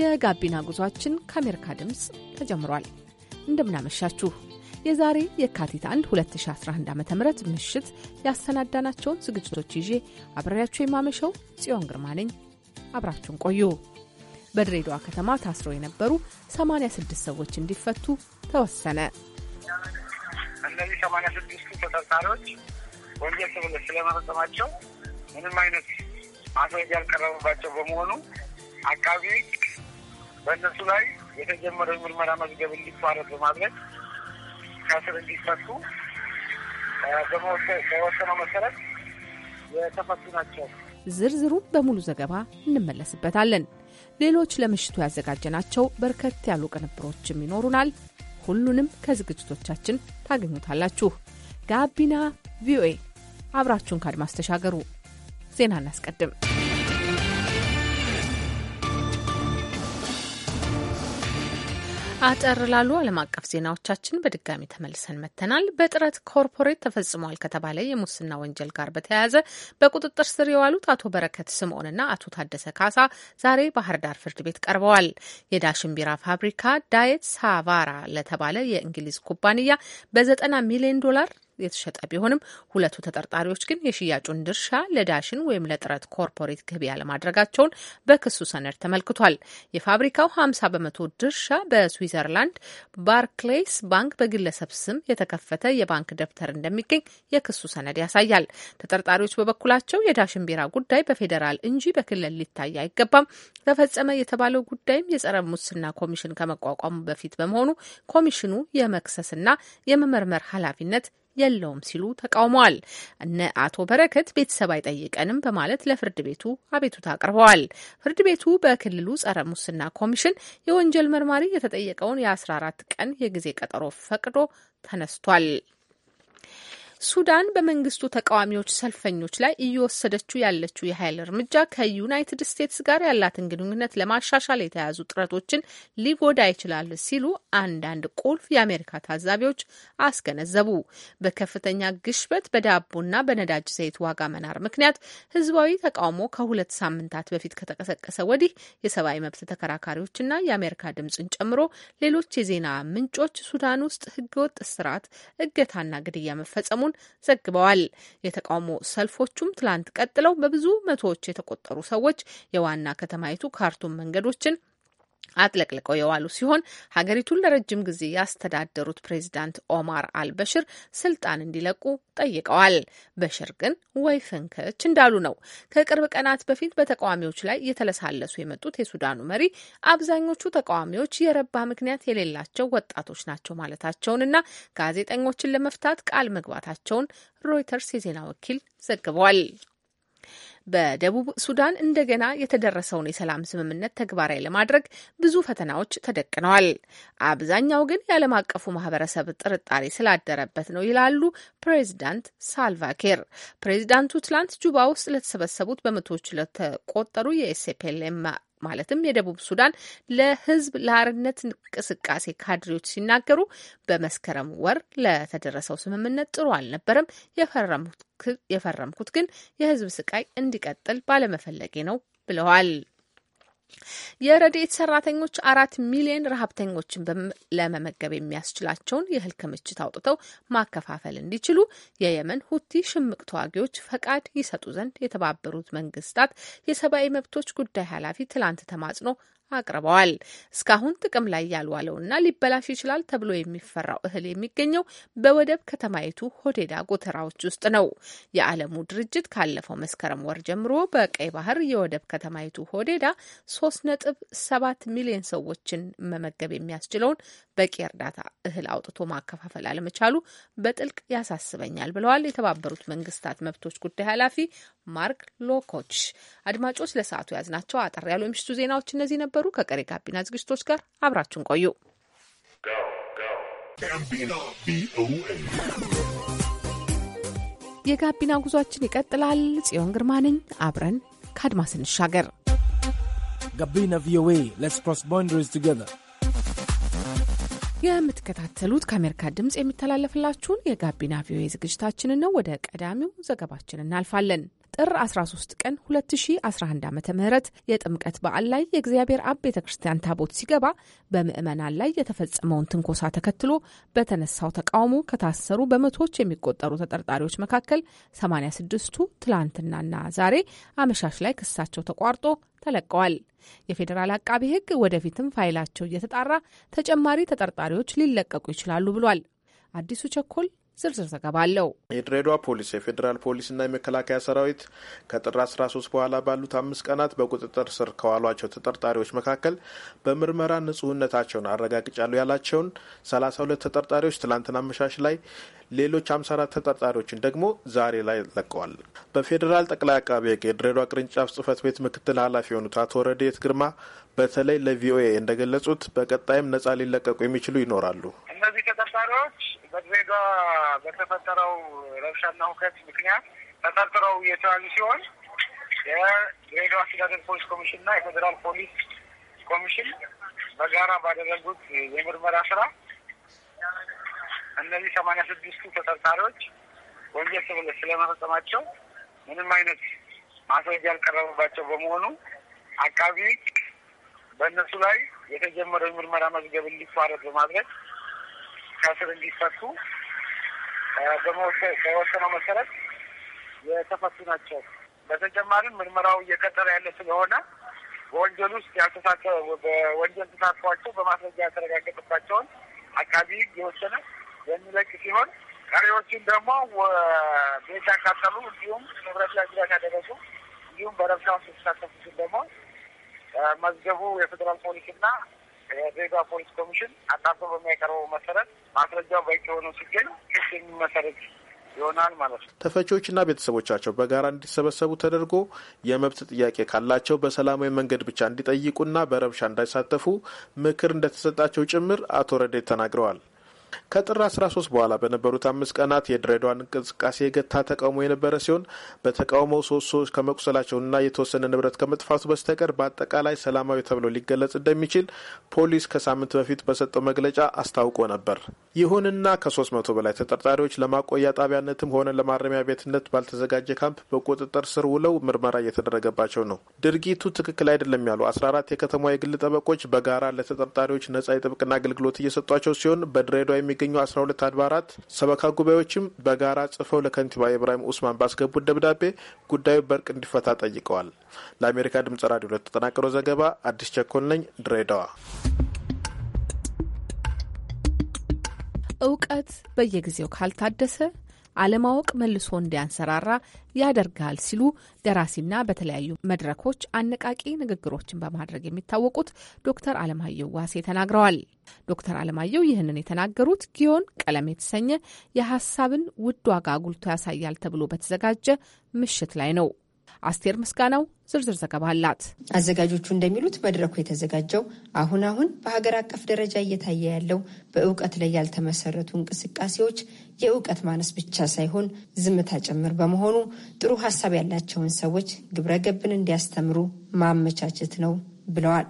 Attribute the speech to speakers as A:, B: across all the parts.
A: የጋቢና ጉዟችን ከአሜሪካ ድምፅ ተጀምሯል። እንደምናመሻችሁ የዛሬ የካቲት 1 2011 ዓ ም ምሽት ያሰናዳናቸውን ዝግጅቶች ይዤ አብሬያችሁ የማመሸው ጽዮን ግርማ ነኝ። አብራችሁን ቆዩ። በድሬዳዋ ከተማ ታስረው የነበሩ 86 ሰዎች እንዲፈቱ ተወሰነ።
B: እነዚህ 86ቱ ተጠርጣሪዎች ወንጀል ስለመፈጸማቸው ምንም አይነት ማስረጃ ያልቀረበባቸው በመሆኑ አቃቢ በእነሱ ላይ የተጀመረው ምርመራ መዝገብ እንዲቋረጥ በማድረግ ከስር እንዲፈቱ በወሰነው መሰረት የተፈቱ ናቸው።
A: ዝርዝሩ በሙሉ ዘገባ እንመለስበታለን። ሌሎች ለምሽቱ ያዘጋጀናቸው በርከት ያሉ ቅንብሮችም ይኖሩናል። ሁሉንም ከዝግጅቶቻችን ታገኙታላችሁ። ጋቢና ቪኦኤ አብራችሁን ከአድማስ ተሻገሩ። ዜና እናስቀድም። አጠር ላሉ ዓለም አቀፍ ዜናዎቻችን በድጋሚ ተመልሰን መጥተናል። በጥረት ኮርፖሬት ተፈጽሟል ከተባለ የሙስና ወንጀል ጋር በተያያዘ በቁጥጥር ስር የዋሉት አቶ በረከት ስምዖንና አቶ ታደሰ ካሳ ዛሬ ባህር ዳር ፍርድ ቤት ቀርበዋል። የዳሽን ቢራ ፋብሪካ ዳየት ሳቫራ ለተባለ የእንግሊዝ ኩባንያ በዘጠና ሚሊዮን ዶላር የተሸጠ ቢሆንም ሁለቱ ተጠርጣሪዎች ግን የሽያጩን ድርሻ ለዳሽን ወይም ለጥረት ኮርፖሬት ገቢያ ለማድረጋቸውን በክሱ ሰነድ ተመልክቷል። የፋብሪካው 50 በመቶ ድርሻ በስዊዘርላንድ ባርክሌይስ ባንክ በግለሰብ ስም የተከፈተ የባንክ ደብተር እንደሚገኝ የክሱ ሰነድ ያሳያል። ተጠርጣሪዎች በበኩላቸው የዳሽን ቢራ ጉዳይ በፌዴራል እንጂ በክልል ሊታይ አይገባም፣ ተፈጸመ የተባለው ጉዳይም የጸረ ሙስና ኮሚሽን ከመቋቋሙ በፊት በመሆኑ ኮሚሽኑ የመክሰስና የመመርመር ኃላፊነት የለውም ሲሉ ተቃውመዋል። እነ አቶ በረከት ቤተሰብ አይጠይቀንም በማለት ለፍርድ ቤቱ አቤቱታ አቅርበዋል። ፍርድ ቤቱ በክልሉ ጸረ ሙስና ኮሚሽን የወንጀል መርማሪ የተጠየቀውን የ14 ቀን የጊዜ ቀጠሮ ፈቅዶ ተነስቷል። ሱዳን በመንግስቱ ተቃዋሚዎች ሰልፈኞች ላይ እየወሰደችው ያለችው የኃይል እርምጃ ከዩናይትድ ስቴትስ ጋር ያላትን ግንኙነት ለማሻሻል የተያዙ ጥረቶችን ሊጎዳ ይችላል ሲሉ አንዳንድ ቁልፍ የአሜሪካ ታዛቢዎች አስገነዘቡ። በከፍተኛ ግሽበት በዳቦና በነዳጅ ዘይት ዋጋ መናር ምክንያት ህዝባዊ ተቃውሞ ከሁለት ሳምንታት በፊት ከተቀሰቀሰ ወዲህ የሰብአዊ መብት ተከራካሪዎችና የአሜሪካ ድምፅን ጨምሮ ሌሎች የዜና ምንጮች ሱዳን ውስጥ ህገወጥ ስርዓት እገታና ግድያ መፈጸሙን መሆናቸውን ዘግበዋል። የተቃውሞ ሰልፎቹም ትላንት ቀጥለው በብዙ መቶዎች የተቆጠሩ ሰዎች የዋና ከተማይቱ ካርቱም መንገዶችን አጥለቅልቀው የዋሉ ሲሆን ሀገሪቱን ለረጅም ጊዜ ያስተዳደሩት ፕሬዚዳንት ኦማር አልበሽር ስልጣን እንዲለቁ ጠይቀዋል። በሽር ግን ወይ ፍንክች እንዳሉ ነው። ከቅርብ ቀናት በፊት በተቃዋሚዎች ላይ እየተለሳለሱ የመጡት የሱዳኑ መሪ አብዛኞቹ ተቃዋሚዎች የረባ ምክንያት የሌላቸው ወጣቶች ናቸው ማለታቸውንና ጋዜጠኞችን ለመፍታት ቃል መግባታቸውን ሮይተርስ የዜና ወኪል ዘግቧል። በደቡብ ሱዳን እንደገና የተደረሰውን የሰላም ስምምነት ተግባራዊ ለማድረግ ብዙ ፈተናዎች ተደቅነዋል። አብዛኛው ግን የዓለም አቀፉ ማህበረሰብ ጥርጣሬ ስላደረበት ነው ይላሉ ፕሬዚዳንት ሳልቫኪር። ፕሬዚዳንቱ ትላንት ጁባ ውስጥ ለተሰበሰቡት በመቶዎች ለተቆጠሩ የኤስፒኤልኤም ማለትም የደቡብ ሱዳን ለህዝብ ለአርነት እንቅስቃሴ ካድሬዎች ሲናገሩ በመስከረም ወር ለተደረሰው ስምምነት ጥሩ አልነበረም፣ የፈረምኩት ግን የህዝብ ስቃይ እንዲቀጥል ባለመፈለጌ ነው ብለዋል። የረድኤት ሰራተኞች አራት ሚሊዮን ረሀብተኞችን ለመመገብ የሚያስችላቸውን የእህል ክምችት አውጥተው ማከፋፈል እንዲችሉ የየመን ሁቲ ሽምቅ ተዋጊዎች ፈቃድ ይሰጡ ዘንድ የተባበሩት መንግስታት የሰብአዊ መብቶች ጉዳይ ኃላፊ ትላንት ተማጽኖ አቅርበዋል። እስካሁን ጥቅም ላይ ያልዋለውና ሊበላሽ ይችላል ተብሎ የሚፈራው እህል የሚገኘው በወደብ ከተማይቱ ሆዴዳ ጎተራዎች ውስጥ ነው። የዓለሙ ድርጅት ካለፈው መስከረም ወር ጀምሮ በቀይ ባህር የወደብ ከተማይቱ ሆዴዳ 3.7 ሚሊዮን ሰዎችን መመገብ የሚያስችለውን በቂ እርዳታ እህል አውጥቶ ማከፋፈል አለመቻሉ በጥልቅ ያሳስበኛል ብለዋል የተባበሩት መንግስታት መብቶች ጉዳይ ኃላፊ ማርክ ሎኮች። አድማጮች ለሰዓቱ ያዝናቸው አጠር ያሉ የምሽቱ ዜናዎች እነዚህ ነበሩ። ነበሩ። ከቀሪ ጋቢና ዝግጅቶች ጋር አብራችሁን ቆዩ። የጋቢና ጉዟችን ይቀጥላል። ጽዮን ግርማ ነኝ። አብረን ከአድማስ እንሻገር።
C: ጋቢና ቪኦኤ ሌትስ ክሮስ ቦንደሪስ ቱጌዘር
A: የምትከታተሉት ከአሜሪካ ድምፅ የሚተላለፍላችሁን የጋቢና ቪኦኤ ዝግጅታችንን ነው። ወደ ቀዳሚው ዘገባችን እናልፋለን። ጥር 13 ቀን 2011 ዓ ም የጥምቀት በዓል ላይ የእግዚአብሔር አብ ቤተ ክርስቲያን ታቦት ሲገባ በምዕመናን ላይ የተፈጸመውን ትንኮሳ ተከትሎ በተነሳው ተቃውሞ ከታሰሩ በመቶዎች የሚቆጠሩ ተጠርጣሪዎች መካከል 86ቱ ትላንትናና ዛሬ አመሻሽ ላይ ክሳቸው ተቋርጦ ተለቀዋል። የፌዴራል አቃቤ ሕግ ወደፊትም ፋይላቸው እየተጣራ ተጨማሪ ተጠርጣሪዎች ሊለቀቁ ይችላሉ ብሏል። አዲሱ ቸኮል ዝርዝር ዘገባ
D: አለው። የድሬዳዋ ፖሊስ፣ የፌዴራል ፖሊስና የመከላከያ ሰራዊት ከጥር 13 በኋላ ባሉት አምስት ቀናት በቁጥጥር ስር ከዋሏቸው ተጠርጣሪዎች መካከል በምርመራ ንጹህነታቸውን አረጋግጫሉ ያላቸውን 32 ተጠርጣሪዎች ትላንትና አመሻሽ ላይ ሌሎች 54 ተጠርጣሪዎችን ደግሞ ዛሬ ላይ ለቀዋል። በፌዴራል ጠቅላይ አቃቢ ሕግ የድሬዳዋ ቅርንጫፍ ጽህፈት ቤት ምክትል ኃላፊ የሆኑት አቶ ረዴት ግርማ በተለይ ለቪኦኤ እንደገለጹት በቀጣይም ነጻ ሊለቀቁ የሚችሉ ይኖራሉ።
B: እነዚህ ተጠርጣሪዎች በድሬዳዋ በተፈጠረው ረብሻና ሁከት ምክንያት ተጠርጥረው የተያዙ ሲሆን የድሬዳዋ አስተዳደር ፖሊስ ኮሚሽንና የፌዴራል ፖሊስ ኮሚሽን በጋራ ባደረጉት የምርመራ ስራ እነዚህ ሰማንያ ስድስቱ ተጠርጣሪዎች ወንጀል ስለመፈጸማቸው ምንም አይነት ማስረጃ ያልቀረበባቸው በመሆኑ አቃቢ በእነሱ ላይ የተጀመረው የምርመራ መዝገብ እንዲቋረጥ በማድረግ ከእስር እንዲፈቱ በወሰነው መሰረት የተፈቱ ናቸው። በተጨማሪም ምርመራው እየቀጠለ ያለ ስለሆነ በወንጀል ውስጥ ያልተሳተ በወንጀል ተሳትፏቸው በማስረጃ ያልተረጋገጠባቸውን አቃቢ ሕግ የወሰነ የሚለቅ ሲሆን ቀሪዎችን ደግሞ ቤት ያቃጠሉ እንዲሁም ንብረት ላይ ጉዳት ያደረሱ እንዲሁም በረብሻ ውስጥ የተሳተፉትን ደግሞ መዝገቡ የፌዴራል ፖሊስና የዜጋ ፖሊስ ኮሚሽን አጣርቶ በሚያቀርበው መሰረት ማስረጃው በቂ ሆኖ ሲገኝ ክስ የሚመሰረት ይሆናል ማለት ነው።
D: ተፈቺዎችና ቤተሰቦቻቸው በጋራ እንዲሰበሰቡ ተደርጎ የመብት ጥያቄ ካላቸው በሰላማዊ መንገድ ብቻ እንዲጠይቁና በረብሻ እንዳይሳተፉ ምክር እንደተሰጣቸው ጭምር አቶ ረዴ ተናግረዋል። ከጥር 13 በኋላ በነበሩት አምስት ቀናት የድሬዳዋን እንቅስቃሴ የገታ ተቃውሞ የነበረ ሲሆን በተቃውሞው ሶስት ሰዎች ከመቁሰላቸውና የተወሰነ ንብረት ከመጥፋቱ በስተቀር በአጠቃላይ ሰላማዊ ተብሎ ሊገለጽ እንደሚችል ፖሊስ ከሳምንት በፊት በሰጠው መግለጫ አስታውቆ ነበር። ይሁንና ከሶስት መቶ በላይ ተጠርጣሪዎች ለማቆያ ጣቢያነትም ሆነ ለማረሚያ ቤትነት ባልተዘጋጀ ካምፕ በቁጥጥር ስር ውለው ምርመራ እየተደረገባቸው ነው። ድርጊቱ ትክክል አይደለም ያሉ 14 የከተማ የግል ጠበቆች በጋራ ለተጠርጣሪዎች ነጻ የጥብቅና አገልግሎት እየሰጧቸው ሲሆን በድሬዳዋ የሚገኙ አስራ ሁለት አድባራት ሰበካ ጉባኤዎችም በጋራ ጽፈው ለከንቲባ ኢብራሂም ኡስማን ባስገቡት ደብዳቤ ጉዳዩ በእርቅ እንዲፈታ ጠይቀዋል። ለአሜሪካ ድምጽ ራዲዮ ለተጠናቀረው ዘገባ አዲስ ቸኮል ነኝ ድሬዳዋ።
A: እውቀት በየጊዜው ካልታደሰ አለማወቅ መልሶ እንዲያንሰራራ ያደርጋል ሲሉ ደራሲና በተለያዩ መድረኮች አነቃቂ ንግግሮችን በማድረግ የሚታወቁት ዶክተር አለማየሁ ዋሴ ተናግረዋል። ዶክተር አለማየሁ ይህንን የተናገሩት ጊዮን ቀለም የተሰኘ የሀሳብን ውድ ዋጋ አጉልቶ ያሳያል ተብሎ በተዘጋጀ ምሽት ላይ ነው። አስቴር ምስጋናው ዝርዝር ዘገባ አላት። አዘጋጆቹ እንደሚሉት መድረኩ የተዘጋጀው አሁን አሁን በሀገር አቀፍ ደረጃ እየታየ ያለው በእውቀት ላይ ያልተመሰረቱ እንቅስቃሴዎች የእውቀት ማነስ ብቻ ሳይሆን ዝምታ ጭምር በመሆኑ ጥሩ ሀሳብ ያላቸውን ሰዎች ግብረገብን እንዲያስተምሩ ማመቻቸት ነው ብለዋል።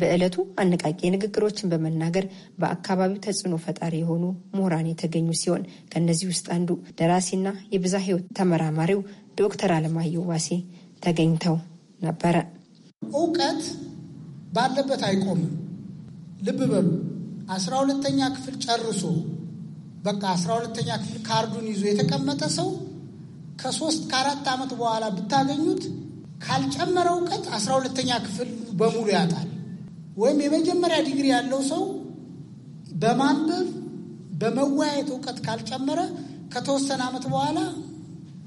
A: በዕለቱ አነቃቂ ንግግሮችን በመናገር በአካባቢው ተጽዕኖ ፈጣሪ የሆኑ ምሁራን የተገኙ ሲሆን ከእነዚህ ውስጥ አንዱ ደራሲና የብዝሃ ሕይወት ተመራማሪው ዶክተር አለማየሁ ዋሴ ተገኝተው ነበረ።
E: እውቀት ባለበት አይቆምም። ልብ በሉ። አስራ ሁለተኛ ክፍል ጨርሶ በቃ አስራ ሁለተኛ ክፍል ካርዱን ይዞ የተቀመጠ ሰው ከሶስት ከአራት ዓመት በኋላ ብታገኙት ካልጨመረ እውቀት አስራ ሁለተኛ ክፍል በሙሉ ያጣል። ወይም የመጀመሪያ ዲግሪ ያለው ሰው በማንበብ በመወያየት እውቀት ካልጨመረ ከተወሰነ ዓመት በኋላ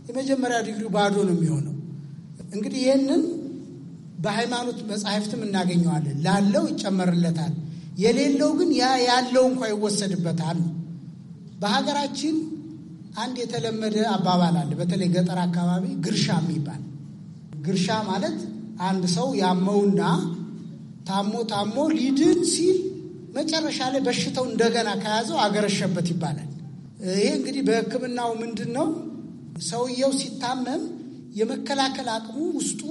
E: የመጀመሪያ ዲግሪ ባዶ ነው የሚሆነው። እንግዲህ ይህንን በሃይማኖት መጽሐፍትም እናገኘዋለን። ላለው ይጨመርለታል፣ የሌለው ግን ያ ያለው እንኳ ይወሰድበታል። በሀገራችን አንድ የተለመደ አባባል አለ። በተለይ ገጠር አካባቢ ግርሻ የሚባል ግርሻ ማለት አንድ ሰው ያመውና ታሞ ታሞ ሊድን ሲል መጨረሻ ላይ በሽታው እንደገና ከያዘው አገረሸበት ይባላል። ይሄ እንግዲህ በሕክምናው ምንድን ነው ሰውየው ሲታመም የመከላከል አቅሙ ውስጡ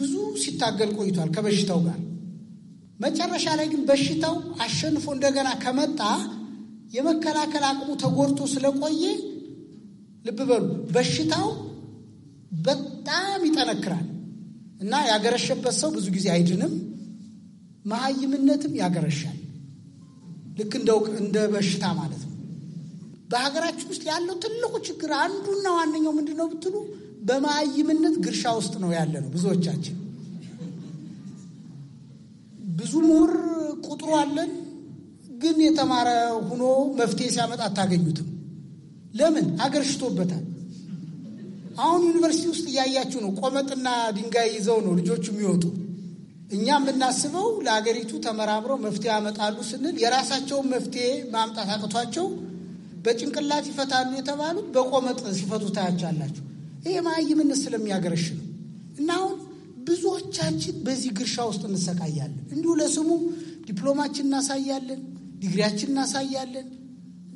E: ብዙ ሲታገል ቆይቷል ከበሽታው ጋር። መጨረሻ ላይ ግን በሽታው አሸንፎ እንደገና ከመጣ የመከላከል አቅሙ ተጎድቶ ስለቆየ ልብ በሉ በሽታው በጣም ይጠነክራል እና ያገረሸበት ሰው ብዙ ጊዜ አይድንም። መሀይምነትም ያገረሻል። ልክ እንደ በሽታ ማለት ነው። በሀገራችን ውስጥ ያለው ትልቁ ችግር አንዱና ዋነኛው ምንድን ነው ብትሉ በማይምነት ግርሻ ውስጥ ነው ያለ ነው። ብዙዎቻችን ብዙ ምሁር ቁጥሩ አለን፣ ግን የተማረ ሆኖ መፍትሄ ሲያመጣ አታገኙትም። ለምን? ሀገር ሽቶበታል። አሁን ዩኒቨርሲቲ ውስጥ እያያችሁ ነው። ቆመጥና ድንጋይ ይዘው ነው ልጆቹ የሚወጡ። እኛ የምናስበው ለሀገሪቱ ተመራምረው መፍትሄ ያመጣሉ ስንል የራሳቸውን መፍትሄ ማምጣት አቅቷቸው በጭንቅላት ይፈታሉ የተባሉት በቆመጥ ሲፈቱ ታያቻላችሁ። ይሄ መሀይምነት ስለሚያገረሽ ነው። እና አሁን ብዙዎቻችን በዚህ ግርሻ ውስጥ እንሰቃያለን። እንዲሁ ለስሙ ዲፕሎማችን እናሳያለን፣ ዲግሪያችን እናሳያለን፣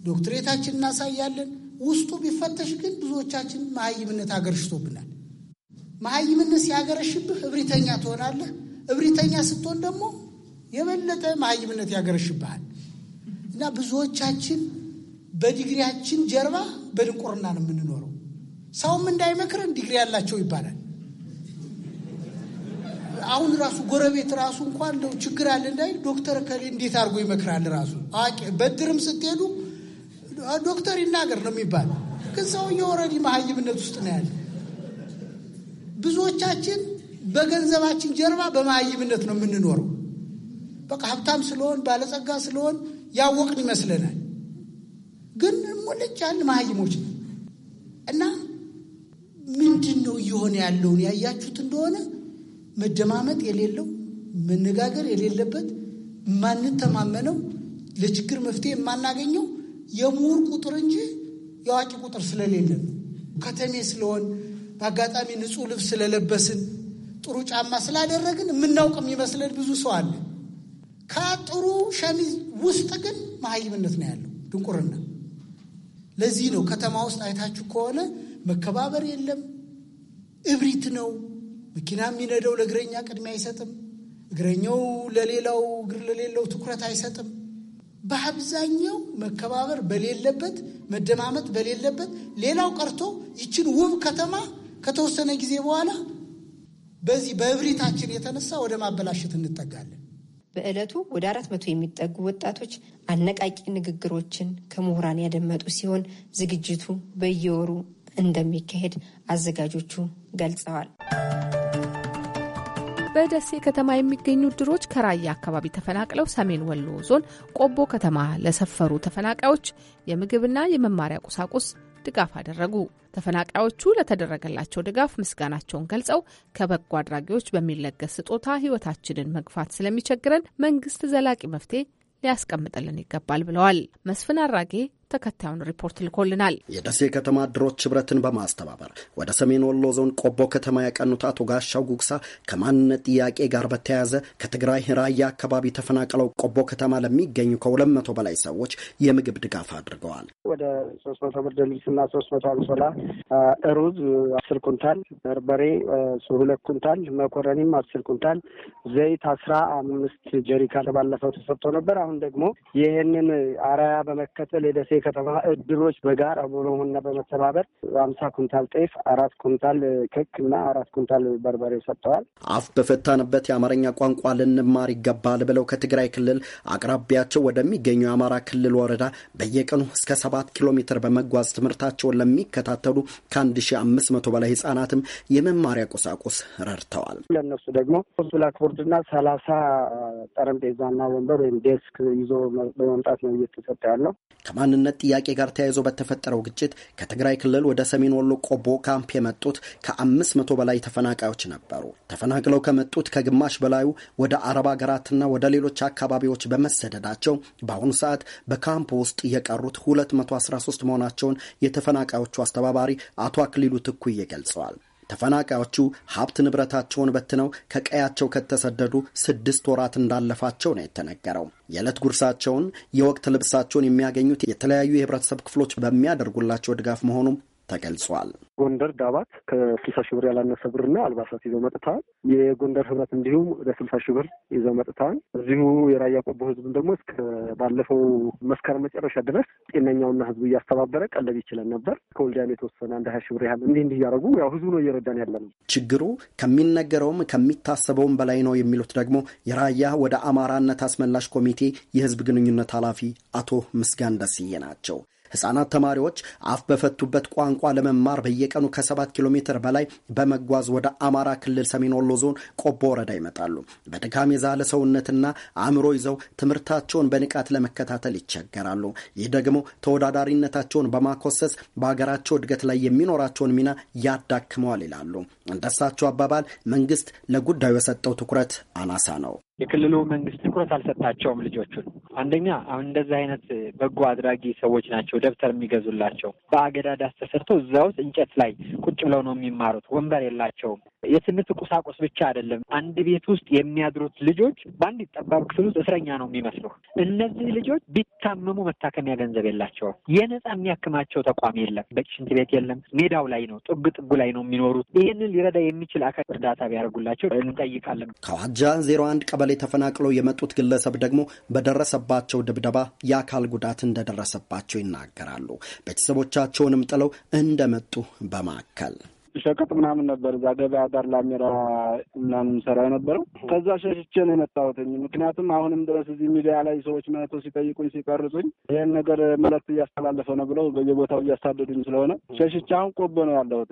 E: ዶክትሬታችን እናሳያለን። ውስጡ ቢፈተሽ ግን ብዙዎቻችን መሀይምነት አገርሽቶብናል። መሀይምነት ሲያገረሽብህ እብሪተኛ ትሆናለህ። እብሪተኛ ስትሆን ደግሞ የበለጠ መሀይምነት ያገረሽብሃል እና ብዙዎቻችን በዲግሪያችን ጀርባ በድንቁርና ነው የምንኖረው። ሰውም እንዳይመክረን ዲግሪ ያላቸው ይባላል። አሁን ራሱ ጎረቤት ራሱ እንኳን እንደው ችግር አለ እንዳይል ዶክተር ከሌ እንዴት አድርጎ ይመክራል። ራሱ አዋቂ በድርም ስትሄዱ ዶክተር ይናገር ነው የሚባል ግን ሰውዬው ኦልሬዲ መሀይምነት ውስጥ ነው ያለ። ብዙዎቻችን በገንዘባችን ጀርባ በመሀይምነት ነው የምንኖረው። በቃ ሀብታም ስለሆን ባለጸጋ ስለሆን ያወቅን ይመስለናል። ግን ሞልጭ ያል መሀይሞች ነው እና ምንድን ነው እየሆነ ያለውን ያያችሁት እንደሆነ መደማመጥ የሌለው መነጋገር የሌለበት የማንተማመነው ለችግር መፍትሄ የማናገኘው የምሁር ቁጥር እንጂ የአዋቂ ቁጥር ስለሌለ ነው። ከተሜ ስለሆን በአጋጣሚ ንጹህ ልብስ ስለለበስን ጥሩ ጫማ ስላደረግን የምናውቅ የሚመስለን ብዙ ሰው አለ። ከጥሩ ሸሚዝ ውስጥ ግን መሀይምነት ነው ያለው ድንቁርና ለዚህ ነው ከተማ ውስጥ አይታችሁ ከሆነ መከባበር የለም። እብሪት ነው። መኪና የሚነደው ለእግረኛ ቅድሚያ አይሰጥም። እግረኛው ለሌላው እግር ለሌለው ትኩረት አይሰጥም። በአብዛኛው መከባበር በሌለበት መደማመጥ በሌለበት ሌላው ቀርቶ ይችን ውብ ከተማ ከተወሰነ ጊዜ በኋላ በዚህ በእብሪታችን የተነሳ ወደ ማበላሸት እንጠጋለን።
D: በዕለቱ ወደ አራት መቶ
E: የሚጠጉ ወጣቶች አነቃቂ ንግግሮችን ከምሁራን ያደመጡ ሲሆን ዝግጅቱ
A: በየወሩ እንደሚካሄድ አዘጋጆቹ ገልጸዋል። በደሴ ከተማ የሚገኙ እድሮች ከራያ አካባቢ ተፈናቅለው ሰሜን ወሎ ዞን ቆቦ ከተማ ለሰፈሩ ተፈናቃዮች የምግብና የመማሪያ ቁሳቁስ ድጋፍ አደረጉ። ተፈናቃዮቹ ለተደረገላቸው ድጋፍ ምስጋናቸውን ገልጸው ከበጎ አድራጊዎች በሚለገስ ስጦታ ሕይወታችንን መግፋት ስለሚቸግረን መንግስት ዘላቂ መፍትሄ ሊያስቀምጥልን ይገባል ብለዋል። መስፍን አራጌ ተከታዩን ሪፖርት ልኮልናል።
F: የደሴ ከተማ እድሮች ህብረትን በማስተባበር ወደ ሰሜን ወሎ ዞን ቆቦ ከተማ ያቀኑት አቶ ጋሻው ጉግሳ ከማንነት ጥያቄ ጋር በተያያዘ ከትግራይ ራያ አካባቢ ተፈናቅለው ቆቦ ከተማ ለሚገኙ ከሁለት መቶ በላይ ሰዎች የምግብ ድጋፍ አድርገዋል።
G: ወደ ሶስት መቶ ብርድ ልብስና ሶስት መቶ አንሶላ፣ ሩዝ አስር ኩንታል፣ በርበሬ ሁለት ኩንታል፣ መኮረኒም አስር ኩንታል፣ ዘይት አስራ አምስት ጀሪካ ለባለፈው ተሰጥቶ ነበር። አሁን ደግሞ ይህንን አራያ በመከተል የደሴ የከተማ እድሮች በጋራ በመሆንና በመተባበር አምሳ ኩንታል ጤፍ፣ አራት ኩንታል ክክ እና አራት ኩንታል በርበሬ ሰጥተዋል።
F: አፍ በፈታንበት የአማርኛ ቋንቋ ልንማር ይገባል ብለው ከትግራይ ክልል አቅራቢያቸው ወደሚገኘው የአማራ ክልል ወረዳ በየቀኑ እስከ ሰባት ኪሎ ሜትር በመጓዝ ትምህርታቸውን ለሚከታተሉ ከአንድ ሺ አምስት መቶ በላይ ህጻናትም የመማሪያ ቁሳቁስ ረድተዋል።
G: ለእነሱ ደግሞ ሶስት ብላክቦርድና ሰላሳ ጠረጴዛና ወንበር ወይም ዴስክ ይዞ በመምጣት ነው እየተሰጠ ያለው
F: ከማንነት ከማንነት ጥያቄ ጋር ተያይዞ በተፈጠረው ግጭት ከትግራይ ክልል ወደ ሰሜን ወሎ ቆቦ ካምፕ የመጡት ከአምስት መቶ በላይ ተፈናቃዮች ነበሩ። ተፈናቅለው ከመጡት ከግማሽ በላዩ ወደ አረብ ሀገራትና ወደ ሌሎች አካባቢዎች በመሰደዳቸው በአሁኑ ሰዓት በካምፕ ውስጥ የቀሩት 213 መሆናቸውን የተፈናቃዮቹ አስተባባሪ አቶ አክሊሉ ትኩዬ ገልጸዋል። ተፈናቃዮቹ ሀብት ንብረታቸውን በትነው ከቀያቸው ከተሰደዱ ስድስት ወራት እንዳለፋቸው ነው የተነገረው። የዕለት ጉርሳቸውን፣ የወቅት ልብሳቸውን የሚያገኙት የተለያዩ የህብረተሰብ ክፍሎች በሚያደርጉላቸው ድጋፍ መሆኑም ተገልጿል።
G: ጎንደር ዳባት ከስልሳ ሺህ ብር ያላነሰ ብርና አልባሳት ይዘው መጥተዋል። የጎንደር ህብረት እንዲሁም ወደ ስልሳ ሺህ ብር ይዘው መጥተዋል። እዚሁ የራያ ቆቦ ህዝብን ደግሞ እስከ ባለፈው መስከረም መጨረሻ ድረስ ጤነኛውና ህዝቡ እያስተባበረ ቀለብ ይችለን ነበር። ከወልዲያም የተወሰነ አንድ ሀያ ሺህ ብር ያህል እንዲህ እንዲህ እያደረጉ ያው ህዝቡ ነው እየረዳን ያለ ነው።
F: ችግሩ ከሚነገረውም ከሚታሰበውም በላይ ነው የሚሉት ደግሞ የራያ ወደ አማራነት አስመላሽ ኮሚቴ የህዝብ ግንኙነት ኃላፊ አቶ ምስጋን ደስዬ ናቸው። ህጻናት ተማሪዎች አፍ በፈቱበት ቋንቋ ለመማር በየቀኑ ከሰባት ኪሎ ሜትር በላይ በመጓዝ ወደ አማራ ክልል ሰሜን ወሎ ዞን ቆቦ ወረዳ ይመጣሉ። በድካም የዛለ ሰውነትና አእምሮ ይዘው ትምህርታቸውን በንቃት ለመከታተል ይቸገራሉ። ይህ ደግሞ ተወዳዳሪነታቸውን በማኮሰስ በሀገራቸው እድገት ላይ የሚኖራቸውን ሚና ያዳክመዋል ይላሉ። እንደሳቸው አባባል መንግስት ለጉዳዩ የሰጠው ትኩረት አናሳ ነው።
G: የክልሉ መንግስት ትኩረት አልሰጣቸውም ልጆቹን። አንደኛ አሁን እንደዚህ አይነት በጎ አድራጊ ሰዎች ናቸው ደብተር የሚገዙላቸው። በአገዳ ዳስ ተሰርቶ እዛ ውስጥ እንጨት ላይ ቁጭ ብለው ነው የሚማሩት። ወንበር የላቸውም። የትምህርት ቁሳቁስ ብቻ አይደለም። አንድ ቤት ውስጥ የሚያድሩት ልጆች በአንድ ጠባብ ክፍል ውስጥ እስረኛ ነው የሚመስሉ። እነዚህ ልጆች ቢታመሙ መታከሚያ ገንዘብ የላቸውም። የነጻ የሚያክማቸው ተቋም የለም። በቂ ሽንት ቤት የለም። ሜዳው ላይ ነው፣ ጥግ ጥጉ ላይ ነው የሚኖሩት። ይህንን ሊረዳ የሚችል አካል እርዳታ ቢያደርጉላቸው እንጠይቃለን።
F: ከዋጃ ዜሮ አንድ ቀበሌ ተፈናቅለው የመጡት ግለሰብ ደግሞ በደረሰባቸው ድብደባ የአካል ጉዳት እንደደረሰባቸው ይናገራሉ። ቤተሰቦቻቸውንም ጥለው እንደመጡ በማከል
G: ሸቀጥ ምናምን ነበር እዛ ገበያ ዳር ላሜራ
H: ምናምን ሰራ የነበረው።
G: ከዛ ሸሽቼ ነው የመጣሁትኝ። ምክንያቱም አሁንም ድረስ እዚህ ሚዲያ ላይ ሰዎች መቶ ሲጠይቁኝ ሲቀርጹኝ ይህን ነገር መልዕክት እያስተላለፈ ነው ብለው በየቦታው እያሳደዱኝ ስለሆነ ሸሽቼ አሁን ቆቦ ነው ያለሁት።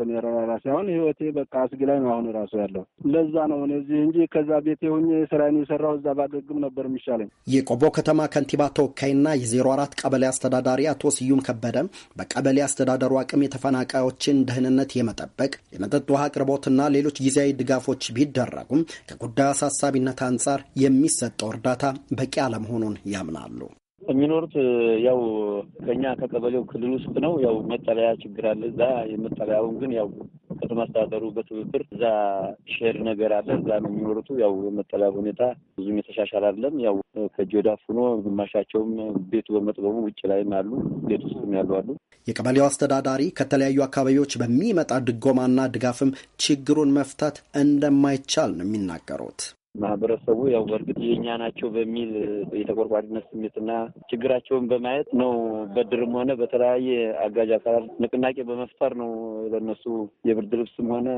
G: ራሴ አሁን ህይወቴ በቃ አስጊ ላይ ነው አሁን ራሱ ያለው። ለዛ ነው እዚህ እንጂ ከዛ ቤቴ ሆኜ ስራዬን የሰራው እዛ ባገግም ነበር የሚሻለኝ። የቆቦ
F: ከተማ ከንቲባ ተወካይና የዜሮ አራት ቀበሌ አስተዳዳሪ አቶ ስዩም ከበደ በቀበሌ አስተዳደሩ አቅም የተፈናቃዮችን ደህንነት የመጠበቅ ለማስለቀቅ የመጠጥ ውሃ አቅርቦትና ሌሎች ጊዜያዊ ድጋፎች ቢደረጉም ከጉዳዩ አሳሳቢነት አንጻር የሚሰጠው እርዳታ በቂ አለመሆኑን ያምናሉ።
I: የሚኖሩት ያው ከኛ ከቀበሌው ክልል ውስጥ ነው። ያው መጠለያ ችግር አለ እዛ። የመጠለያውን ግን ያው ከተማ አስተዳደሩ በትብብር እዛ ሼር ነገር አለ። እዛ ነው የሚኖሩት። ያው የመጠለያ ሁኔታ ብዙም የተሻሻለ አይደለም። ያው ከእጅ ወደ አፍ ሆኖ ግማሻቸውም ቤቱ በመጥበቡ ውጭ ላይም አሉ፣ ቤት ውስጥም ያሉ አሉ።
F: የቀበሌው አስተዳዳሪ ከተለያዩ አካባቢዎች በሚመጣ ድጎማና ድጋፍም ችግሩን መፍታት እንደማይቻል ነው የሚናገሩት።
I: ማህበረሰቡ ያው በእርግጥ የእኛ ናቸው በሚል የተቆርቋሪነት ስሜትና ችግራቸውን በማየት ነው በድርም ሆነ በተለያየ አጋዥ አካላት ንቅናቄ በመፍጠር ነው ለነሱ የብርድ ልብስም ሆነ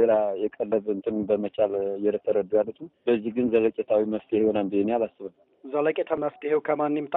I: ሌላ የቀለብ እንትን በመቻል እየተረዱ ያሉት። በዚህ ግን ዘለቄታዊ መፍትሄ ይሆናል ብዬ አላስብም።
F: ዘለቄታ መፍትሄው ከማን ይምጣ?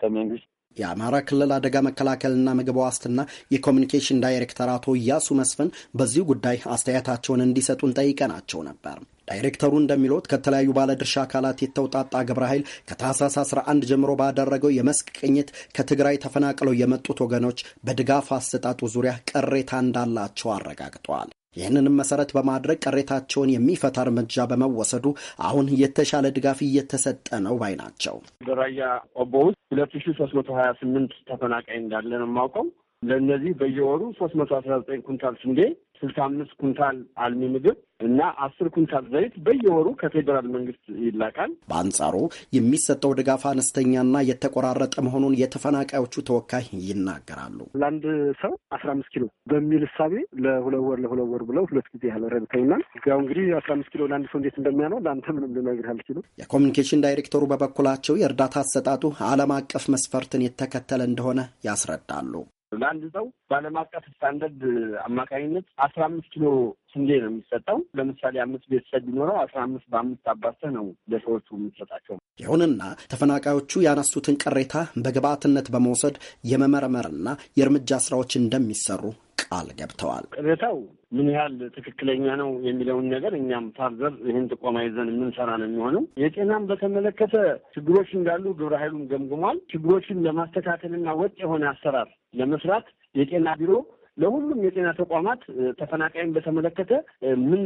F: ከመንግስት የአማራ ክልል አደጋ መከላከልና ምግብ ዋስትና የኮሚኒኬሽን ዳይሬክተር አቶ እያሱ መስፍን በዚሁ ጉዳይ አስተያየታቸውን እንዲሰጡን ጠይቀናቸው ነበር። ዳይሬክተሩ እንደሚሉት ከተለያዩ ባለድርሻ አካላት የተውጣጣ ግብረ ኃይል ከታህሳስ 11 ጀምሮ ባደረገው የመስክ ቅኝት ከትግራይ ተፈናቅለው የመጡት ወገኖች በድጋፍ አሰጣጡ ዙሪያ ቅሬታ እንዳላቸው አረጋግጠዋል። ይህንንም መሰረት በማድረግ ቅሬታቸውን የሚፈታ እርምጃ በመወሰዱ አሁን የተሻለ ድጋፍ እየተሰጠ ነው ባይ ናቸው።
I: በራያ ኦቦ ውስጥ ሁለት ሺ ሶስት መቶ ሀያ ስምንት ተፈናቃይ እንዳለ ነው የማውቀው። ለእነዚህ በየወሩ ሶስት መቶ አስራ ዘጠኝ ኩንታል ስንዴ ስልሳ አምስት ኩንታል አልሚ ምግብ እና አስር ኩንታል ዘይት በየወሩ ከፌዴራል መንግስት ይላካል።
F: በአንጻሩ የሚሰጠው ድጋፍ አነስተኛና የተቆራረጠ መሆኑን የተፈናቃዮቹ ተወካይ ይናገራሉ።
G: ለአንድ ሰው አስራ አምስት ኪሎ በሚል እሳቤ ለሁለት ወር ለሁለት ወር ብለው ሁለት ጊዜ ያህል ረድተውናል። ያው እንግዲህ አስራ አምስት ኪሎ ለአንድ ሰው እንዴት እንደሚያነው ለአንተ ምንም ልነግርህ አልችልም።
F: የኮሚኒኬሽን ዳይሬክተሩ በበኩላቸው የእርዳታ አሰጣጡ ዓለም አቀፍ መስፈርትን የተከተለ እንደሆነ ያስረዳሉ።
G: ለአንድ ሰው
I: በዓለም አቀፍ ስታንደርድ አማካኝነት አስራ አምስት ኪሎ ስንዴ ነው የሚሰጠው። ለምሳሌ አምስት ቤተሰብ ቢኖረው አስራ አምስት በአምስት አባስተህ ነው ለሰዎቹ የምትሰጣቸው።
F: ይሁንና ተፈናቃዮቹ ያነሱትን ቅሬታ በግብዓትነት በመውሰድ የመመርመርና የእርምጃ ስራዎች እንደሚሰሩ ቃል ገብተዋል።
I: ቅሬታው ምን ያህል ትክክለኛ ነው የሚለውን ነገር እኛም ፋርዘር ይህን ጥቆማ ይዘን የምንሰራ ነው የሚሆነው። የጤናም በተመለከተ ችግሮች እንዳሉ ግብረ ኃይሉም ገምግሟል። ችግሮችን ለማስተካከልና ወጥ የሆነ አሰራር ለመስራት የጤና ቢሮ ለሁሉም የጤና ተቋማት ተፈናቃይን በተመለከተ ምን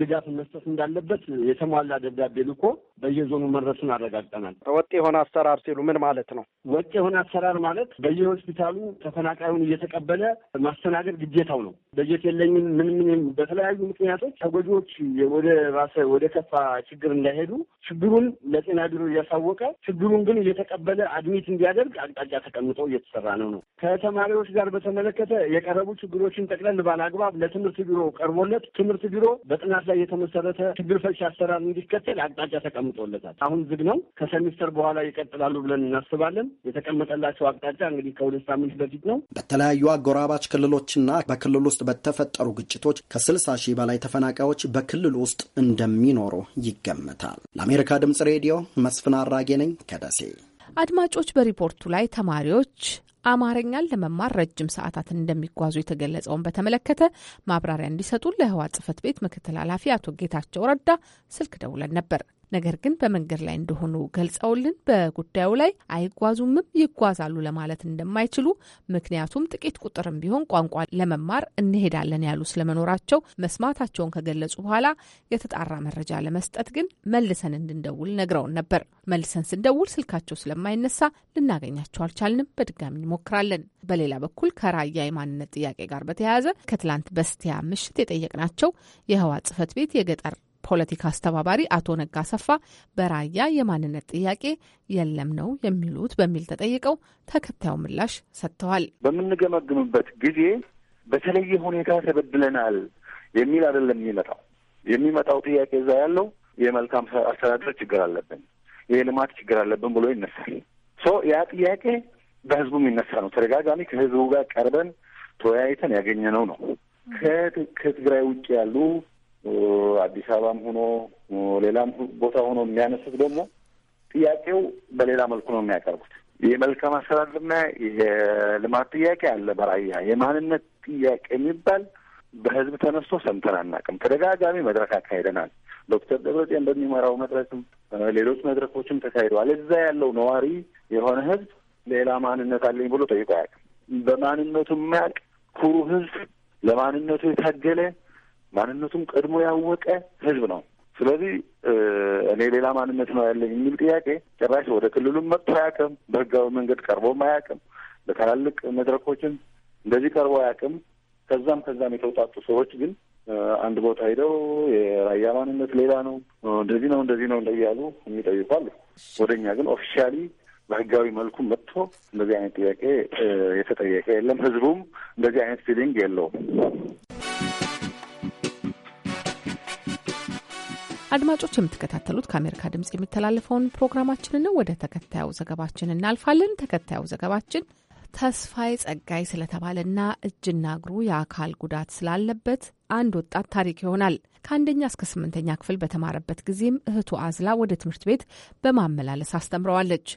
I: ድጋፍ መስጠት እንዳለበት የተሟላ ደብዳቤ ልኮ በየዞኑ መድረሱን አረጋግጠናል። ወጥ የሆነ አሰራር
G: ሲሉ ምን ማለት ነው?
I: ወጥ የሆነ አሰራር ማለት በየሆስፒታሉ ተፈናቃዩን እየተቀበለ
G: ማስተናገድ ግዴታው ነው።
I: በጀት የለኝም ምን ምን በተለያዩ ምክንያቶች ተጎጂዎች ወደ ራሰ ወደ ከፋ ችግር እንዳይሄዱ ችግሩን ለጤና ቢሮ እያሳወቀ ችግሩን ግን እየተቀበለ አድሚት እንዲያደርግ አቅጣጫ ተቀምጦ እየተሰራ ነው ነው ከተማሪዎች ጋር በተመለከተ የቀረቡ ችግሮችን ጠቅለል ባለ አግባብ ለትምህርት ቢሮ ቀርቦለት ትምህርት ቢሮ በጥናት ላይ የተመሰረተ ችግር ፈች አሰራር እንዲከተል አቅጣጫ ተቀምጦለታል። አሁን ዝግ ነው። ከሰሚስተር በኋላ ይቀጥላሉ ብለን እናስባለን። የተቀመጠላቸው አቅጣጫ እንግዲህ ከሁለት ሳምንት በፊት ነው።
F: በተለያዩ አጎራባች ክልሎችና በክልል ውስጥ በተፈጠሩ ግጭቶች ከስልሳ ሺህ በላይ ተፈናቃዮች በክልል ውስጥ እንደሚኖሩ ይገመታል። ለአሜሪካ ድምጽ ሬዲዮ መስፍን አራጌ ነኝ ከደሴ።
A: አድማጮች በሪፖርቱ ላይ ተማሪዎች አማርኛን ለመማር ረጅም ሰዓታትን እንደሚጓዙ የተገለጸውን በተመለከተ ማብራሪያ እንዲሰጡ ለህዋ ጽህፈት ቤት ምክትል ኃላፊ አቶ ጌታቸው ረዳ ስልክ ደውለን ነበር። ነገር ግን በመንገድ ላይ እንደሆኑ ገልጸውልን በጉዳዩ ላይ አይጓዙምም ይጓዛሉ ለማለት እንደማይችሉ ምክንያቱም ጥቂት ቁጥርም ቢሆን ቋንቋ ለመማር እንሄዳለን ያሉ ስለመኖራቸው መስማታቸውን ከገለጹ በኋላ የተጣራ መረጃ ለመስጠት ግን መልሰን እንድንደውል ነግረውን ነበር። መልሰን ስንደውል ስልካቸው ስለማይነሳ ልናገኛቸው አልቻልንም። በድጋሚ እንሞክራለን። በሌላ በኩል ከራያ የማንነት ጥያቄ ጋር በተያያዘ ከትላንት በስቲያ ምሽት የጠየቅናቸው የህዋ ጽህፈት ቤት የገጠር ፖለቲካ አስተባባሪ አቶ ነጋ ሰፋ በራያ የማንነት ጥያቄ የለም ነው የሚሉት በሚል ተጠይቀው ተከታዩ ምላሽ ሰጥተዋል።
H: በምንገመግምበት ጊዜ በተለየ ሁኔታ ተበድለናል የሚል አይደለም የሚመጣው። የሚመጣው ጥያቄ እዛ ያለው የመልካም አስተዳደር ችግር አለብን፣ የልማት ችግር አለብን ብሎ ይነሳል። ሶ ያ ጥያቄ በህዝቡ የሚነሳ ነው። ተደጋጋሚ ከህዝቡ ጋር ቀርበን ተወያይተን ያገኘነው ነው ከትግራይ ውጭ ያሉ አዲስ አበባም ሆኖ ሌላም ቦታ ሆኖ የሚያነሱት ደግሞ ጥያቄው በሌላ መልኩ ነው የሚያቀርቡት። የመልካም አስተዳደርና የልማት ጥያቄ አለ በራያ የማንነት ጥያቄ የሚባል በህዝብ ተነስቶ ሰምተን አናውቅም። ተደጋጋሚ መድረክ አካሄደናል። ዶክተር ደብረጤን በሚመራው መድረክም ሌሎች መድረኮችም ተካሂደዋል። እዛ ያለው ነዋሪ የሆነ ህዝብ ሌላ ማንነት አለኝ ብሎ ጠይቆ አያውቅም። በማንነቱ የማያውቅ ኩሩ ህዝብ ለማንነቱ የታገለ ማንነቱም ቀድሞ ያወቀ ህዝብ ነው። ስለዚህ እኔ ሌላ ማንነት ነው ያለኝ የሚል ጥያቄ ጭራሽ ወደ ክልሉም መጥቶ አያውቅም። በህጋዊ መንገድ ቀርቦም አያውቅም። በታላልቅ መድረኮችን እንደዚህ ቀርቦ አያውቅም። ከዛም ከዛም የተውጣጡ ሰዎች ግን አንድ ቦታ ሄደው የራያ ማንነት ሌላ ነው፣ እንደዚህ ነው፣ እንደዚህ ነው እንደያሉ የሚጠይቁ አሉ። ወደ እኛ ግን ኦፊሻሊ በህጋዊ መልኩ መጥቶ እንደዚህ አይነት ጥያቄ የተጠየቀ የለም። ህዝቡም እንደዚህ አይነት ፊሊንግ የለውም።
A: አድማጮች የምትከታተሉት ከአሜሪካ ድምፅ የሚተላለፈውን ፕሮግራማችን ነው። ወደ ተከታዩ ዘገባችን እናልፋለን። ተከታዩ ዘገባችን ተስፋዬ ጸጋይ ስለተባለና እጅና እግሩ የአካል ጉዳት ስላለበት አንድ ወጣት ታሪክ ይሆናል። ከአንደኛ እስከ ስምንተኛ ክፍል በተማረበት ጊዜም እህቱ አዝላ ወደ ትምህርት ቤት በማመላለስ አስተምረዋለች።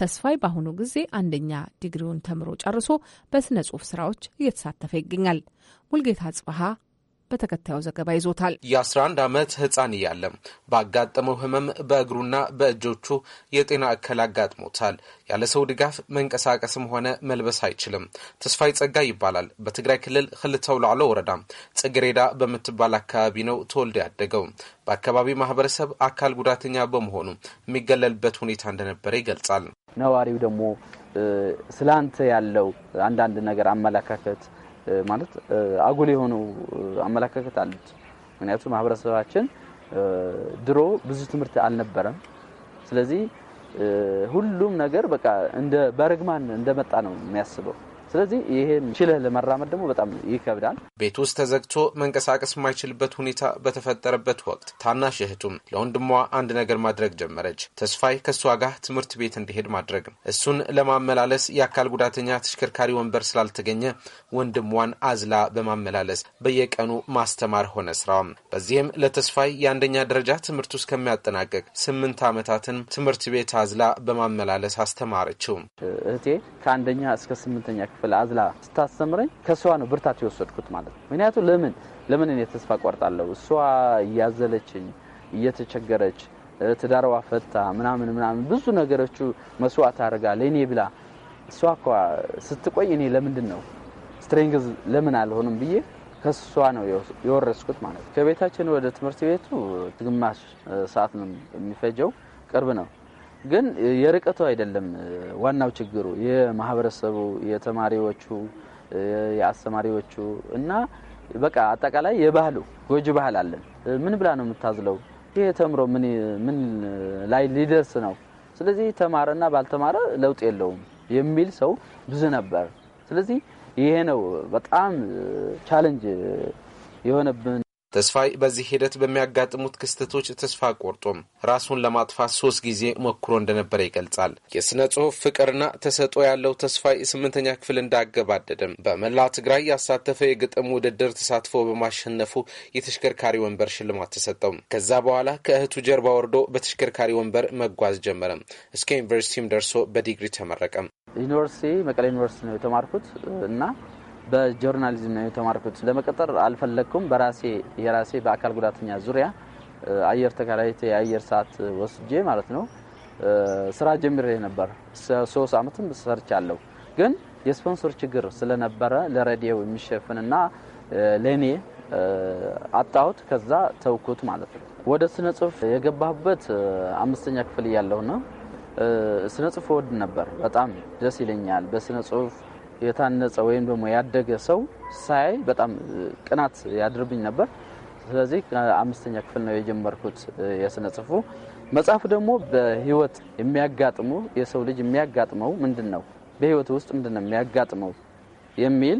A: ተስፋይ በአሁኑ ጊዜ አንደኛ ዲግሪውን ተምሮ ጨርሶ በስነ ጽሁፍ ስራዎች እየተሳተፈ ይገኛል። ሙልጌታ ጽበሀ በተከታዩ ዘገባ ይዞታል።
C: የ11 ዓመት ህፃን እያለም ባጋጠመው ህመም በእግሩና በእጆቹ የጤና እክል አጋጥሞታል። ያለ ሰው ድጋፍ መንቀሳቀስም ሆነ መልበስ አይችልም። ተስፋይ ጸጋ ይባላል። በትግራይ ክልል ክልተው ላዕሎ ወረዳ ጽግሬዳ በምትባል አካባቢ ነው ተወልዶ ያደገው። በአካባቢ ማህበረሰብ አካል ጉዳተኛ በመሆኑ የሚገለልበት ሁኔታ እንደነበረ ይገልጻል።
J: ነዋሪው ደግሞ ስላንተ ያለው አንዳንድ ነገር አመለካከት ማለት አጉል የሆነው አመለካከት አለች። ምክንያቱም ማህበረሰባችን ድሮ ብዙ ትምህርት አልነበረም። ስለዚህ ሁሉም ነገር በቃ እንደ በርግማን እንደመጣ ነው የሚያስበው። ስለዚህ ይሄን ችለህ ለመራመድ ደግሞ በጣም ይከብዳል።
C: ቤት ውስጥ ተዘግቶ መንቀሳቀስ የማይችልበት ሁኔታ በተፈጠረበት ወቅት ታናሽ እህቱም ለወንድሟ አንድ ነገር ማድረግ ጀመረች። ተስፋይ ከእሷ ጋር ትምህርት ቤት እንዲሄድ ማድረግ እሱን ለማመላለስ የአካል ጉዳተኛ ተሽከርካሪ ወንበር ስላልተገኘ ወንድሟን አዝላ በማመላለስ በየቀኑ ማስተማር ሆነ ስራው በዚህም ለተስፋይ የአንደኛ ደረጃ ትምህርት ውስጥ ከሚያጠናቀቅ ስምንት ዓመታትን ትምህርት ቤት አዝላ በማመላለስ
J: አስተማረችው። እህቴ ከአንደኛ እስከ ስምንተኛ ብላ አዝላ ስታስተምረኝ ከእሷ ነው ብርታት የወሰድኩት ማለት ነው። ምክንያቱ ለምን ለምን እኔ ተስፋ ቆርጣለሁ? እሷ እያዘለችኝ እየተቸገረች ትዳርዋ ፈታ ምናምን ምናምን ብዙ ነገሮቹ መስዋዕት አድርጋ ለእኔ ብላ እሷ እኳ ስትቆይ እኔ ለምንድን ነው ስትሬንግዝ ለምን አልሆንም ብዬ ከሷ ነው የወረስኩት ማለት ነው። ከቤታችን ወደ ትምህርት ቤቱ ግማሽ ሰዓት ነው የሚፈጀው፣ ቅርብ ነው። ግን የርቀቱ አይደለም ዋናው ችግሩ የማህበረሰቡ፣ የተማሪዎቹ፣ የአስተማሪዎቹ እና በቃ አጠቃላይ የባህሉ ጎጂ ባህል አለን። ምን ብላ ነው የምታዝለው? ይሄ ተምሮ ምን ላይ ሊደርስ ነው? ስለዚህ ተማረና ባልተማረ ለውጥ የለውም የሚል ሰው ብዙ ነበር። ስለዚህ ይሄ ነው በጣም ቻለንጅ የሆነብን።
C: ተስፋይ በዚህ ሂደት በሚያጋጥሙት ክስተቶች ተስፋ ቆርጦም ራሱን ለማጥፋት ሶስት ጊዜ ሞክሮ እንደነበረ ይገልጻል። የሥነ ጽሑፍ ፍቅርና ተሰጦ ያለው ተስፋይ ስምንተኛ ክፍል እንዳገባደደም በመላ ትግራይ ያሳተፈ የግጥም ውድድር ተሳትፎ በማሸነፉ የተሽከርካሪ ወንበር ሽልማት ተሰጠው። ከዛ በኋላ ከእህቱ ጀርባ ወርዶ በተሽከርካሪ ወንበር መጓዝ ጀመረም። እስከ ዩኒቨርሲቲም ደርሶ በዲግሪ ተመረቀም።
J: ዩኒቨርሲቲ መቀሌ ዩኒቨርሲቲ ነው የተማርኩት እና በጆርናሊዝም ነው የተማርኩት። ለመቀጠር አልፈለግኩም። በራሴ የራሴ በአካል ጉዳተኛ ዙሪያ አየር ተከራይቴ የአየር ሰዓት ወስጄ ማለት ነው ስራ ጀምሬ ነበር። ሶስት አመትም ሰርቻለሁ። ግን የስፖንሰር ችግር ስለነበረ ለሬዲዮ የሚሸፍንና ለእኔ አጣሁት። ከዛ ተውኩት ማለት ነው። ወደ ስነ ጽሁፍ የገባሁበት አምስተኛ ክፍል እያለሁ ነው። ስነ ጽሁፍ እወድ ነበር። በጣም ደስ ይለኛል በስነ ጽሁፍ የታነጸ ወይም ደግሞ ያደገ ሰው ሳይ በጣም ቅናት ያድርብኝ ነበር። ስለዚህ አምስተኛ ክፍል ነው የጀመርኩት የስነ ጽሁፉ መጽሐፍ። ደግሞ በህይወት የሚያጋጥሙ የሰው ልጅ የሚያጋጥመው ምንድን ነው፣ በህይወት ውስጥ ምንድን ነው የሚያጋጥመው የሚል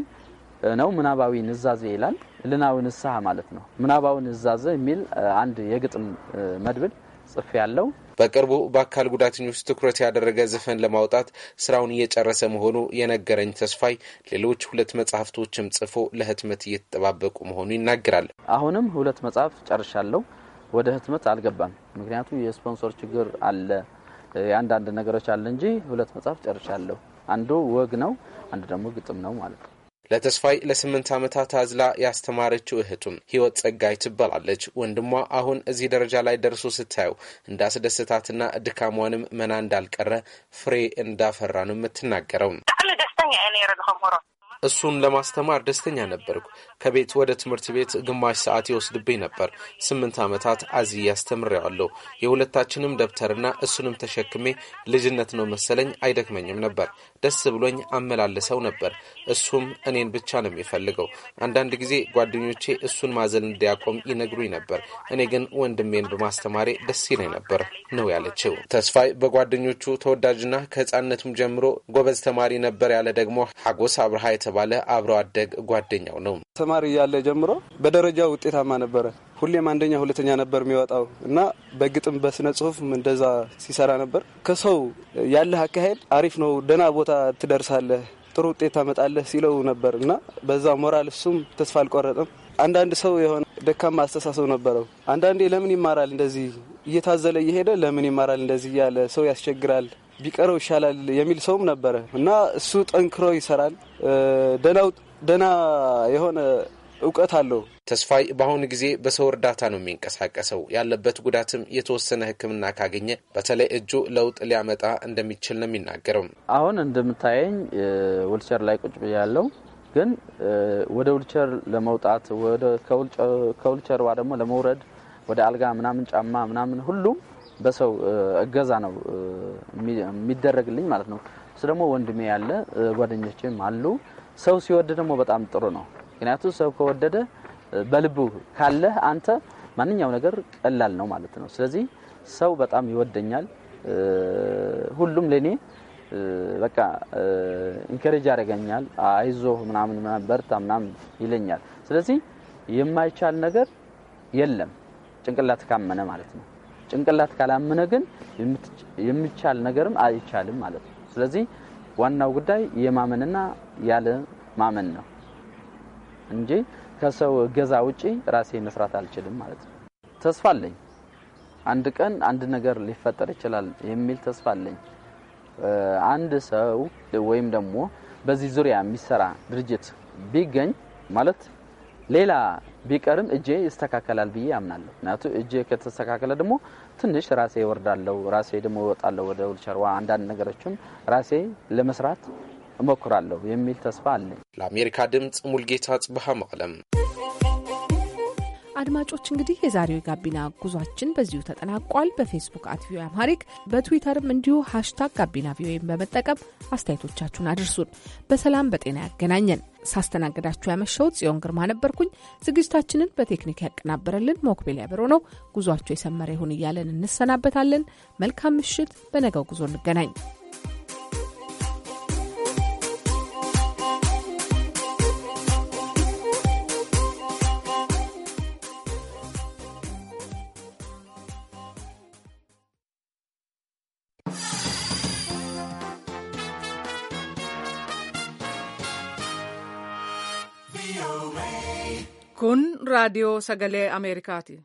J: ነው። ምናባዊ ንዛዜ ይላል። ልናዊ ንስሐ ማለት ነው። ምናባዊ ንዛዜ የሚል አንድ የግጥም መድብል ጽፌ ያለው
C: በቅርቡ በአካል ጉዳተኞች ትኩረት ያደረገ ዘፈን ለማውጣት ስራውን እየጨረሰ መሆኑ የነገረኝ ተስፋይ ሌሎች ሁለት መጽሐፍቶችም
J: ጽፎ ለህትመት እየተጠባበቁ መሆኑ ይናገራል። አሁንም ሁለት መጽሐፍ ጨርሻለሁ። ወደ ህትመት አልገባም፣ ምክንያቱም የስፖንሰር ችግር አለ፣ የአንዳንድ ነገሮች አለ እንጂ ሁለት መጽሐፍ ጨርሻለሁ። አንዱ ወግ ነው፣ አንዱ ደግሞ ግጥም ነው ማለት ነው።
C: ለተስፋይ ለስምንት ዓመታት አዝላ ያስተማረችው እህቱም ህይወት ጸጋይ ትባላለች። ወንድሟ አሁን እዚህ ደረጃ ላይ ደርሶ ስታየው እንዳስደስታትና ድካሟንም መና እንዳልቀረ ፍሬ እንዳፈራ ነው የምትናገረው። እሱን ለማስተማር ደስተኛ ነበርኩ። ከቤት ወደ ትምህርት ቤት ግማሽ ሰዓት ይወስድብኝ ነበር። ስምንት ዓመታት አዚህ ያስተምሬዋለሁ። የሁለታችንም ደብተርና እሱንም ተሸክሜ ልጅነት ነው መሰለኝ አይደክመኝም ነበር። ደስ ብሎኝ አመላለሰው ነበር። እሱም እኔን ብቻ ነው የሚፈልገው። አንዳንድ ጊዜ ጓደኞቼ እሱን ማዘል እንዲያቆም ይነግሩኝ ነበር። እኔ ግን ወንድሜን በማስተማሬ ደስ ይለኝ ነበር ነው ያለችው። ተስፋይ በጓደኞቹ ተወዳጅና ከህፃነቱም ጀምሮ ጎበዝ ተማሪ ነበር ያለ ደግሞ ሀጎስ አብርሃ የተባለ አብረው አደግ ጓደኛው ነው። ተማሪ እያለ ጀምሮ በደረጃ ውጤታማ ነበረ። ሁሌም አንደኛ ሁለተኛ ነበር የሚወጣው እና በግጥም በስነ ጽሁፍ እንደዛ ሲሰራ ነበር። ከሰው ያለህ አካሄድ አሪፍ ነው፣ ደህና ቦታ ትደርሳለህ፣ ጥሩ ውጤት ታመጣለህ ሲለው ነበር እና በዛ ሞራል እሱም ተስፋ አልቆረጠም። አንዳንድ ሰው የሆነ ደካማ አስተሳሰብ ነበረው። አንዳንዴ ለምን ይማራል እንደዚህ እየታዘለ እየሄደ ለምን ይማራል እንደዚህ እያለ ሰው ያስቸግራል ቢቀረው ይሻላል የሚል ሰውም ነበረ እና እሱ ጠንክሮ ይሰራል። ደህና የሆነ እውቀት አለው ተስፋይ በአሁኑ ጊዜ በሰው እርዳታ ነው የሚንቀሳቀሰው። ያለበት ጉዳትም የተወሰነ ሕክምና ካገኘ በተለይ እጁ ለውጥ ሊያመጣ እንደሚችል ነው የሚናገረው።
J: አሁን እንደምታየኝ ውልቸር ላይ ቁጭ ብያለው፣ ግን ወደ ውልቸር ለመውጣት ከውልቸር ደግሞ ለመውረድ ወደ አልጋ ምናምን ጫማ ምናምን ሁሉም በሰው እገዛ ነው የሚደረግልኝ ማለት ነው። እሱ ደግሞ ወንድሜ ያለ ጓደኞችም አሉ። ሰው ሲወድ ደግሞ በጣም ጥሩ ነው። ምክንያቱም ሰው ከወደደ በልቡ ካለህ አንተ ማንኛው ነገር ቀላል ነው ማለት ነው። ስለዚህ ሰው በጣም ይወደኛል። ሁሉም ለኔ በቃ ኢንከሬጅ ያደርገኛል። አይዞ ምናምን በርታ ምናምን ይለኛል። ስለዚህ የማይቻል ነገር የለም ጭንቅላት ካመነ ማለት ነው። ጭንቅላት ካላመነ ግን የሚቻል ነገርም አይቻልም ማለት ነው። ስለዚህ ዋናው ጉዳይ የማመንና ያለ ማመን ነው እንጂ ከሰው እገዛ ውጪ ራሴ መስራት አልችልም ማለት ነው። ተስፋ አለኝ። አንድ ቀን አንድ ነገር ሊፈጠር ይችላል የሚል ተስፋ አለኝ። አንድ ሰው ወይም ደግሞ በዚህ ዙሪያ የሚሰራ ድርጅት ቢገኝ ማለት ሌላ ቢቀርም እጄ ይስተካከላል ብዬ አምናለሁ። ምክንያቱም እጄ ከተስተካከለ ደግሞ ትንሽ ራሴ ወርዳለሁ፣ ራሴ ደግሞ እወጣለሁ ወደ ውልቸርዋ አንዳንድ ነገሮችም ራሴ ለመስራት እሞክራለሁ የሚል ተስፋ አለኝ።
C: ለአሜሪካ ድምፅ ሙልጌታ ጽብሃ መቅለም።
A: አድማጮች እንግዲህ የዛሬው የጋቢና ጉዟችን በዚሁ ተጠናቋል። በፌስቡክ አት ቪኦኤ አምሃሪክ በትዊተርም እንዲሁ ሀሽታግ ጋቢና ቪኦኤን በመጠቀም አስተያየቶቻችሁን አድርሱን። በሰላም በጤና ያገናኘን። ሳስተናግዳችሁ ያመሸሁት ጽዮን ግርማ ነበርኩኝ። ዝግጅታችንን በቴክኒክ ያቀናበረልን ሞክቤል ያብሮ ነው። ጉዟቸው የሰመረ ይሁን እያለን እንሰናበታለን። መልካም ምሽት። በነገው ጉዞ እንገናኝ።
B: radio raadiyoo Sagalee Ameerikaati.